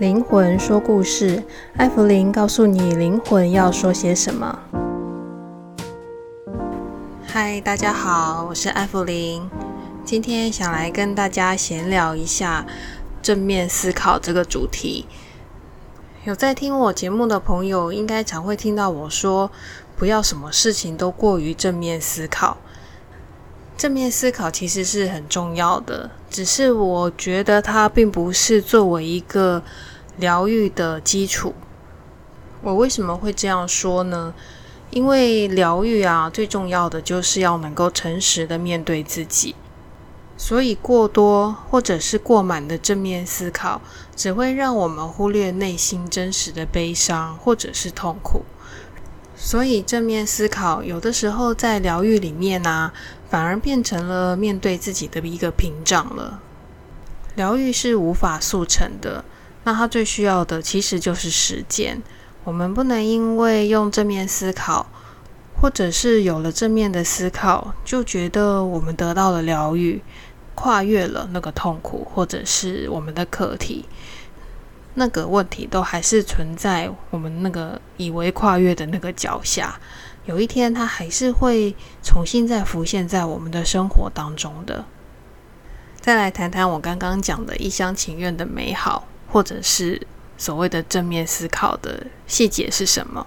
靈魂說故事，艾芙靈告訴你靈魂要說些什麼。嗨，大家好，我是艾芙靈，今天想來跟大家閒聊一下正面思考這個主題。有在聽我節目的朋友，應該常會聽到我說，不要什麼事情都過於正面思考。正面思考其實是很重要的，只是我覺得它並不是作為一個療癒的基礎。我為什麼會這樣說呢？因為療癒啊，最重要的就是要能夠誠實的面對自己。所以過多或者是過滿的正面思考，只會讓我們忽略內心真實的悲傷或者是痛苦。所以正面思考有的時候在療癒裡面呢，啊。反而變成了面對自己的一個屏障了。療癒是無法速成的，那它最需要的其實就是時間。我們不能因為用正面思考，或者是有了正面的思考，就覺得我們得到了療癒，跨越了那個痛苦，或者是我們的課題，那個問題都還是存在我們那個以為跨越的那個腳下，有一天，它還是會重新再浮現在我們的生活當中的。再來談談我剛剛講的一廂情願的美好，或者是所謂的正面思考的細節是什麼？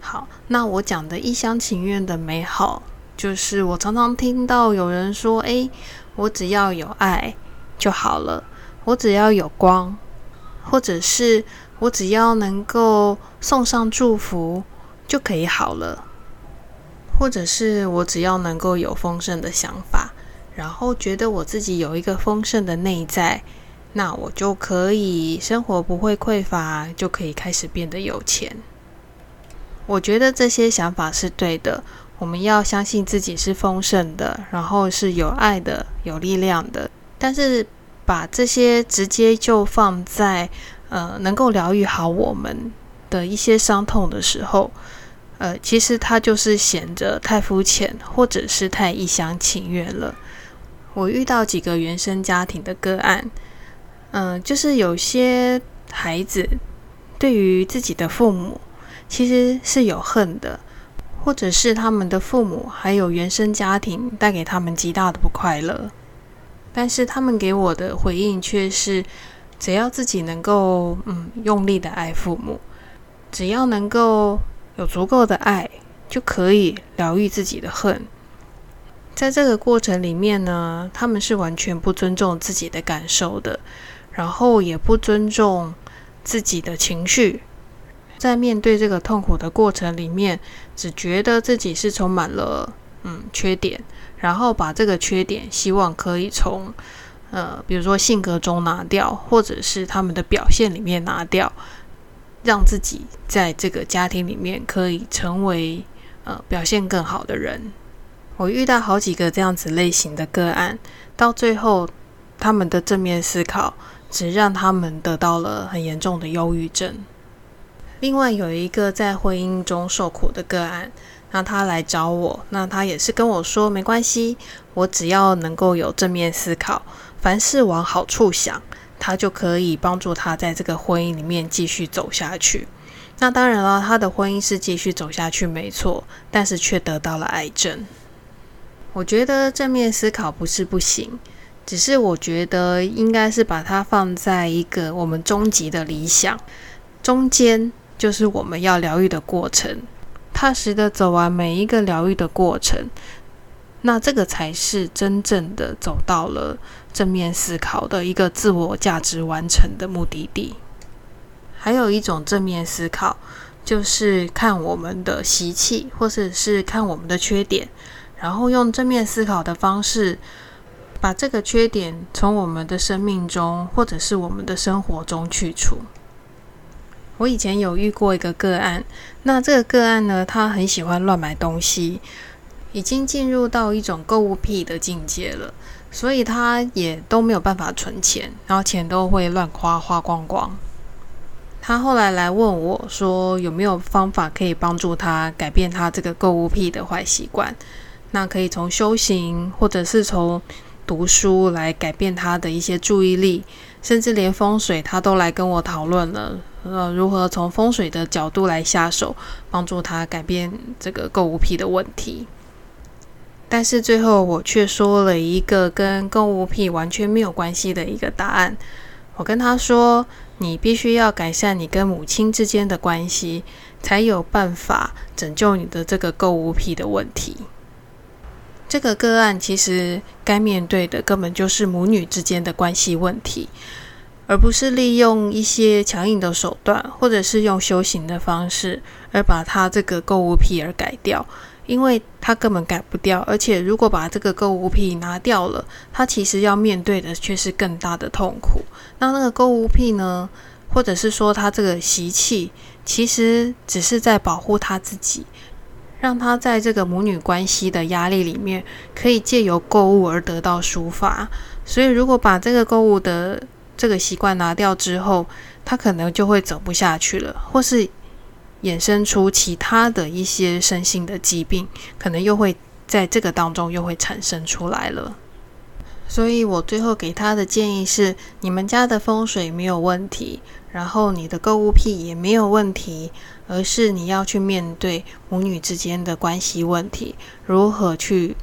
好，那我講的一廂情願的美好，就是我常常聽到有人說：“誒，我只要有愛就好了；我只要有光，或者是我只要能夠送上祝福就可以好了。”或者是我只要能夠有豐盛的想法，然後覺得我自己有一個豐盛的內在，那我就可以生活不會匱乏，就可以開始變得有錢。我覺得這些想法是對的，我們要相信自己是豐盛的，然後是有愛的、有力量的。但是把這些直接就放在，呃，能夠療癒好我們的一些傷痛的時候。呃，其實他就是顯得太膚淺，或者是太一廂情願了。我遇到幾個原生家庭的個案，嗯、呃，就是有些孩子對於自己的父母其實是有恨的，或者是他們的父母還有原生家庭帶給他們極大的不快樂。但是他們給我的回應卻是，只要自己能夠嗯用力的愛父母，只要能夠。有足夠的愛就可以療癒自己的恨。在這個過程裡面呢，他們是完全不尊重自己的感受的，然後也不尊重自己的情緒。在面對這個痛苦的過程裡面，只覺得自己是充滿了嗯缺點，然後把這個缺點希望可以從呃比如說性格中拿掉，或者是他們的表現裡面拿掉。讓自己在這個家庭裡面可以成為，呃，表現更好的人。我遇到好幾個這樣子類型的個案，到最後他們的正面思考只讓他們得到了很嚴重的憂鬱症。另外有一個在婚姻中受苦的個案，那他來找我，那他也是跟我說沒關係，我只要能夠有正面思考，凡事往好處想。他就可以幫助他在這個婚姻裡面繼續走下去。那當然了，他的婚姻是繼續走下去，沒錯，但是卻得到了癌症。我覺得正面思考不是不行，只是我覺得應該是把它放在一個我們終極的理想中間，就是我們要療癒的過程，踏實的走完每一個療癒的過程。那這個才是真正的走到了正面思考的一個自我價值完成的目的地。還有一種正面思考，就是看我們的習氣，或者是看我們的缺點，然後用正面思考的方式，把這個缺點從我們的生命中，或者是我們的生活中去除。我以前有遇過一個個案，那這個個案呢，他很喜歡亂買東西。已經進入到一種購物癖的境界了，所以他也都沒有辦法存錢，然後錢都會亂花，花光光。他後來來問我說，有沒有方法可以幫助他改變他這個購物癖的壞習慣？那可以從修行或者是從讀書來改變他的一些注意力，甚至連風水他都來跟我討論了，呃，如何從風水的角度來下手，幫助他改變這個購物癖的問題。但是最後，我卻說了一個跟購物癖完全沒有關係的一個答案。我跟他說：“你必須要改善你跟母親之間的關係，才有辦法拯救你的這個購物癖的問題。”這個個案其實該面對的根本就是母女之間的關係問題，而不是利用一些強硬的手段，或者是用修行的方式，而把他這個購物癖而改掉。因為他根本改不掉，而且如果把這個購物癖拿掉了，他其實要面對的卻是更大的痛苦。那那個購物癖呢，或者是說他這個習氣，其實只是在保護他自己，讓他在這個母女關係的壓力裡面，可以借由購物而得到抒發。所以，如果把這個購物的這個習慣拿掉之後，他可能就會走不下去了，或是。衍生出其他的一些身心的疾病，可能又會在這個當中又會產生出來了。所以我最後給他的建議是：你們家的風水沒有問題，然後你的購物癖也沒有問題，而是你要去面對母女之間的關係問題，如何去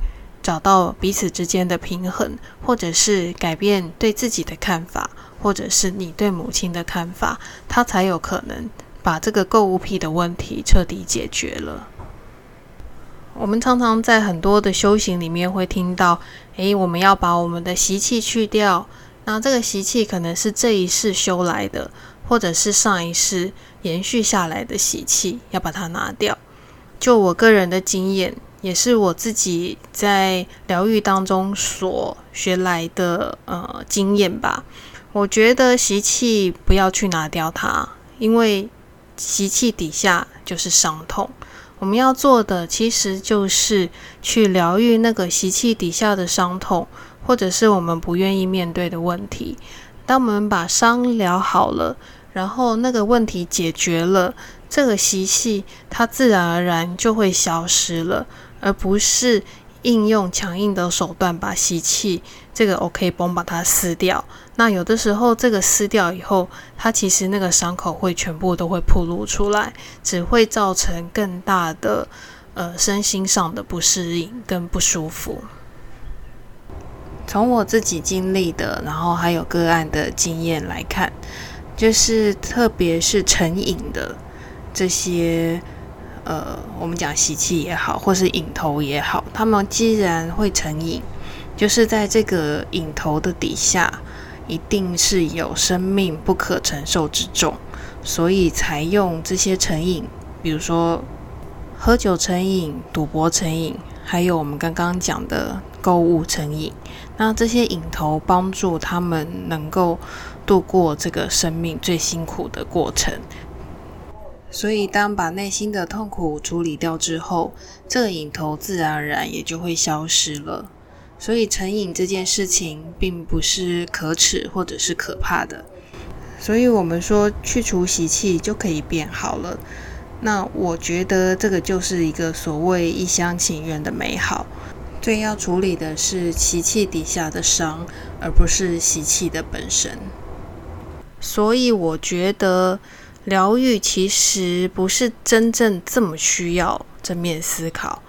找到彼此之間的平衡，或者是改變對自己的看法，或者是你對母親的看法，他才有可能，把這個購物癖的問題徹底解決了。我們常常在很多的修行裡面會聽到，哎，我們要把我們的習氣去掉。那這個習氣可能是這一世修來的，或者是上一世延續下來的習氣，要把它拿掉。就我個人的經驗，也是我自己在療癒當中所學來的呃經驗吧。我覺得習氣不要去拿掉它，因為習氣底下就是傷痛，我們要做的其實就是去療癒那個習氣底下的傷痛，或者是我們不願意面對的問題。當我們把傷療好了，然後那個問題解決了，這個習氣它自然而然就會消失了，而不是。應用強硬的手段把習氣，這個 OK，甭把它撕掉。那有的時候這個撕掉以後，它其實那個傷口會全部都會暴露出來，只會造成更大的呃身心上的不適應跟不舒服。從我自己經歷的，然後還有個案的經驗來看，就是特別是成癮的這些。呃，我們講習氣也好，或是癮頭也好，他們既然會成癮，就是在這個癮頭的底下，一定是有生命不可承受之重，所以才用這些成癮，比如說喝酒成癮、賭博成癮，還有我們剛剛講的購物成癮。那這些癮頭幫助他們能夠度過這個生命最辛苦的過程。所以，當把內心的痛苦處理掉之後，這個癮頭自然而然也就會消失了。所以，成癮這件事情並不是可恥或者是可怕的。所以，我們說去除習氣就可以變好了。那我覺得這個就是一個所謂一廂情願的美好。最要處理的是習氣底下的傷，而不是習氣的本身。所以，我覺得。療癒其實不是真正這麼需要正面思考，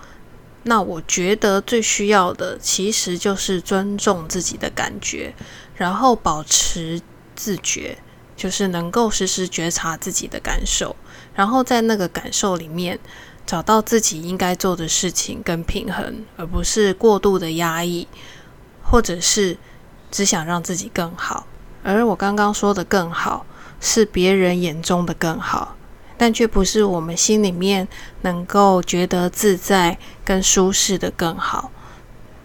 那我覺得最需要的其實就是尊重自己的感覺，然後保持自覺，就是能夠時時覺察自己的感受，然後在那個感受裡面找到自己應該做的事情跟平衡，而不是過度的壓抑，或者是只想讓自己更好。而我剛剛說的更好。是別人眼中的更好，但卻不是我們心裡面能夠覺得自在跟舒適的更好。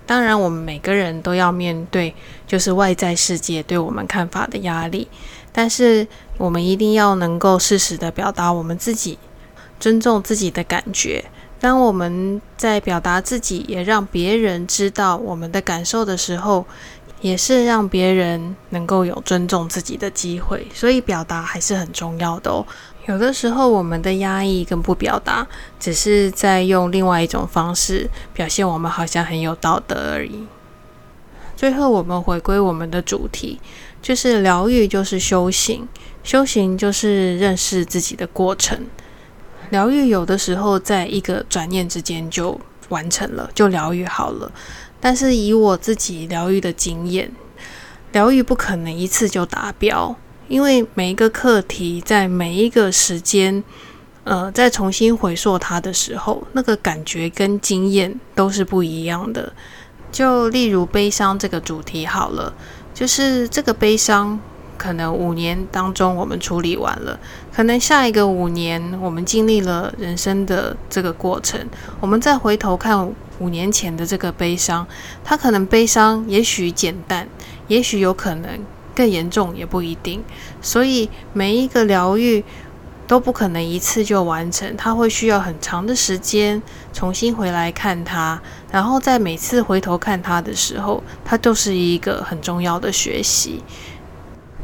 當然，我們每個人都要面對，就是外在世界對我們看法的壓力。但是，我們一定要能夠適時的表達我們自己，尊重自己的感覺。當我們在表達自己，也讓別人知道我們的感受的時候，也是讓別人能夠有尊重自己的機會，所以表達還是很重要的哦。有的時候，我們的壓抑跟不表達，只是在用另外一種方式表現我們好像很有道德而已。最後，我們回歸我們的主題，就是療癒，就是修行，修行就是認識自己的過程。療癒有的時候，在一個轉念之間就完成了，就療癒好了。但是以我自己療癒的經驗，療癒不可能一次就達標，因為每一個課題在每一個時間，呃，在重新回溯它的時候，那個感覺跟經驗都是不一樣的。就例如悲傷這個主題，好了，就是這個悲傷，可能五年當中我們處理完了，可能下一個五年我們經歷了人生的這個過程，我們再回頭看。五年前的這個悲傷，他可能悲傷，也許簡單，也許有可能更嚴重，也不一定。所以，每一個療癒都不可能一次就完成，他會需要很長的時間重新回來看他。然後，在每次回頭看他的時候，他都是一個很重要的學習，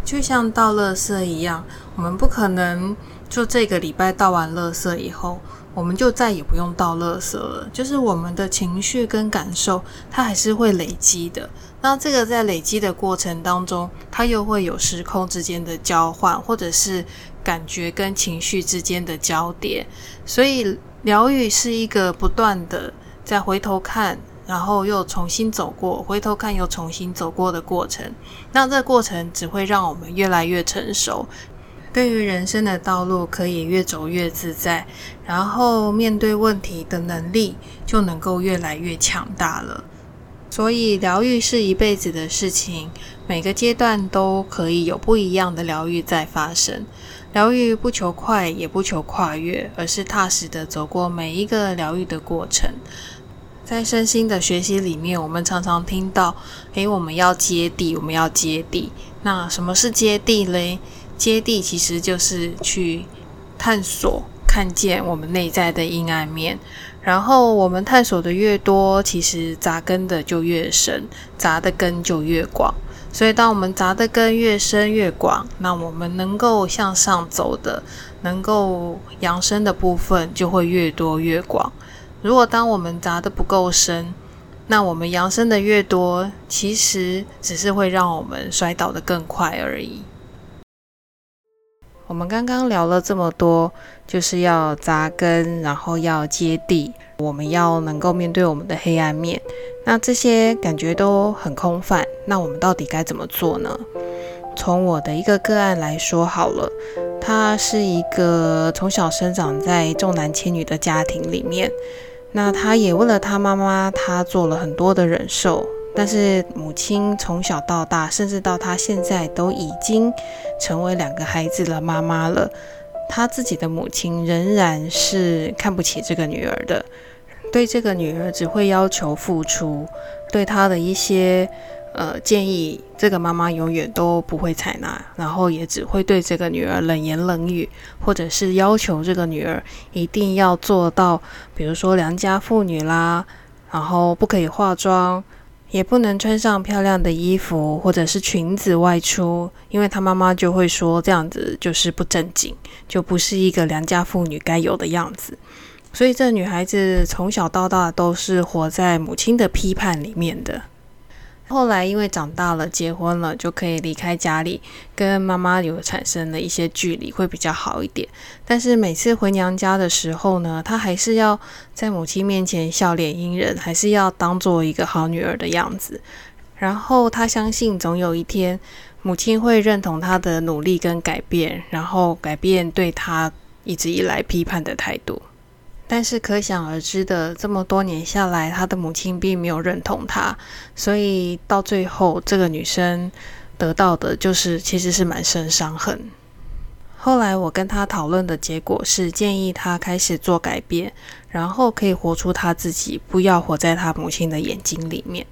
就像倒垃圾一樣，我們不可能。就這個禮拜倒完垃圾以後，我們就再也不用倒垃圾了。就是我們的情緒跟感受，它還是會累積的。那這個在累積的過程當中，它又會有時空之間的交換，或者是感覺跟情緒之間的交疊。所以療癒是一個不斷的在回頭看，然後又重新走過，回頭看又重新走過的過程。那這過程只會讓我們越來越成熟。對於人生的道路可以越走越自在，然後面對問題的能力就能夠越來越強大了。所以，療癒是一輩子的事情，每個階段都可以有不一樣的療癒在發生。療癒不求快，也不求跨越，而是踏實的走過每一個療癒的過程。在身心的學習裡面，我們常常聽到：“誒，我們要接地，我們要接地。”那什麼是接地嘞？接地其實就是去探索、看見我們內在的陰暗面，然後我們探索的越多，其實扎根的就越深，扎的根就越廣。所以，當我們扎的根越深越廣，那我們能夠向上走的、能夠揚升的部分就會越多越廣。如果當我們扎的不夠深，那我們揚升的越多，其實只是會讓我們摔倒的更快而已。我們剛剛聊了這麼多，就是要紮根，然後要接地，我們要能夠面對我們的黑暗面。那這些感覺都很空泛，那我們到底該怎麼做呢？從我的一個個案來說好了，他是一個從小生長在重男輕女的家庭裡面，那他也為了他媽媽，他做了很多的忍受。但是母親從小到大，甚至到她現在，都已經成為兩個孩子的媽媽了。她自己的母親仍然是看不起這個女兒的，對這個女兒只會要求付出，對她的一些呃建議，這個媽媽永遠都不會採納，然後也只會對這個女兒冷言冷語，或者是要求這個女兒一定要做到，比如說良家婦女啦，然後不可以化妝。也不能穿上漂亮的衣服，或者是裙子外出，因為她媽媽就會說這樣子就是不正經，就不是一個良家婦女該有的樣子。所以這女孩子從小到大都是活在母親的批判裡面的。後來因為長大了、結婚了，就可以離開家裡，跟媽媽有產生了一些距離，會比較好一點。但是每次回娘家的時候呢，她還是要在母親面前笑臉迎人，還是要當做一個好女兒的樣子。然後她相信總有一天母親會認同她的努力跟改變，然後改變對她一直以來批判的態度。但是可想而知的，這麼多年下來，她的母親並沒有認同她。所以到最後，這個女生得到的就是其實是滿身傷痕。後來我跟她討論的結果是，建議她開始做改變，然後可以活出她自己，不要活在她母親的眼睛裡面。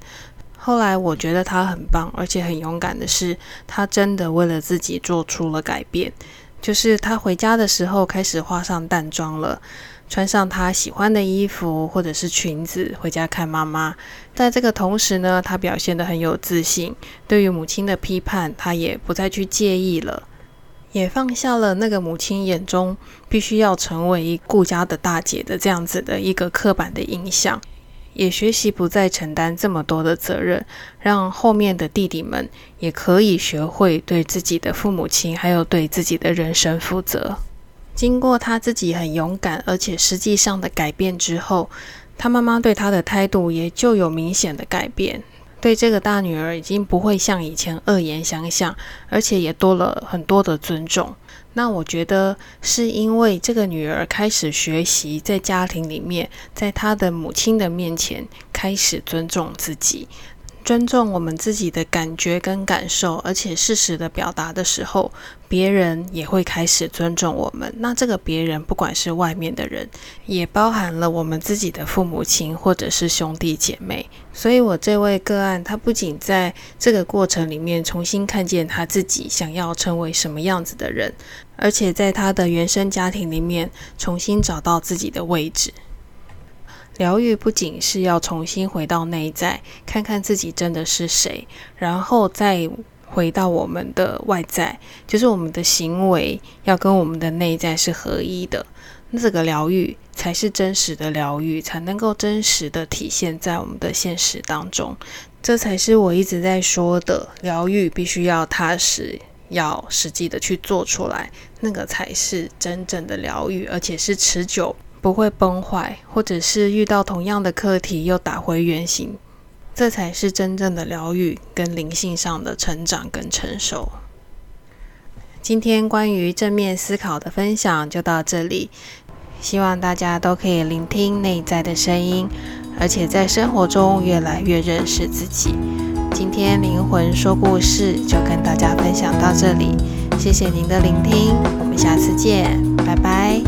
後來我覺得她很棒，而且很勇敢的是，她真的為了自己做出了改變，就是她回家的時候開始化上淡妝了。穿上他喜歡的衣服或者是裙子，回家看媽媽。在這個同時呢，他表現得很有自信。對於母親的批判，他也不再去介意了，也放下了那個母親眼中必須要成為顧家的大姐的這樣子的一個刻板的印象。也學習不再承擔這麼多的責任，讓後面的弟弟們也可以學會對自己的父母親還有對自己的人生負責。經過她自己很勇敢，而且實際上的改變之後，她媽媽對她的態度也就有明顯的改變。對這個大女兒已經不會像以前惡言相向，而且也多了很多的尊重。那我覺得是因為這個女兒開始學習在家庭裡面，在她的母親的面前開始尊重自己。尊重我們自己的感覺跟感受，而且適時的表達的時候，別人也會開始尊重我們。那這個別人，不管是外面的人，也包含了我們自己的父母親或者是兄弟姐妹。所以，我這位個案，他不僅在這個過程裡面重新看見他自己想要成為什麼樣子的人，而且在他的原生家庭裡面重新找到自己的位置。療癒不僅是要重新回到內在，看看自己真的是誰，然後再回到我們的外在，就是我們的行為要跟我們的內在是合一的。那這個療癒才是真實的療癒，才能夠真實的體現在我們的現實當中。這才是我一直在說的，療癒必須要踏實，要實際的去做出來，那個才是真正的療癒，而且是持久，不會崩壞，或者是遇到同樣的課題又打回原形，這才是真正的療癒跟靈性上的成長跟成熟。今天關於正面思考的分享就到這裡，希望大家都可以聆聽內在的聲音，而且在生活中越來越認識自己。今天靈魂說故事就跟大家分享到這裡，謝謝您的聆聽，我們下次見，拜拜。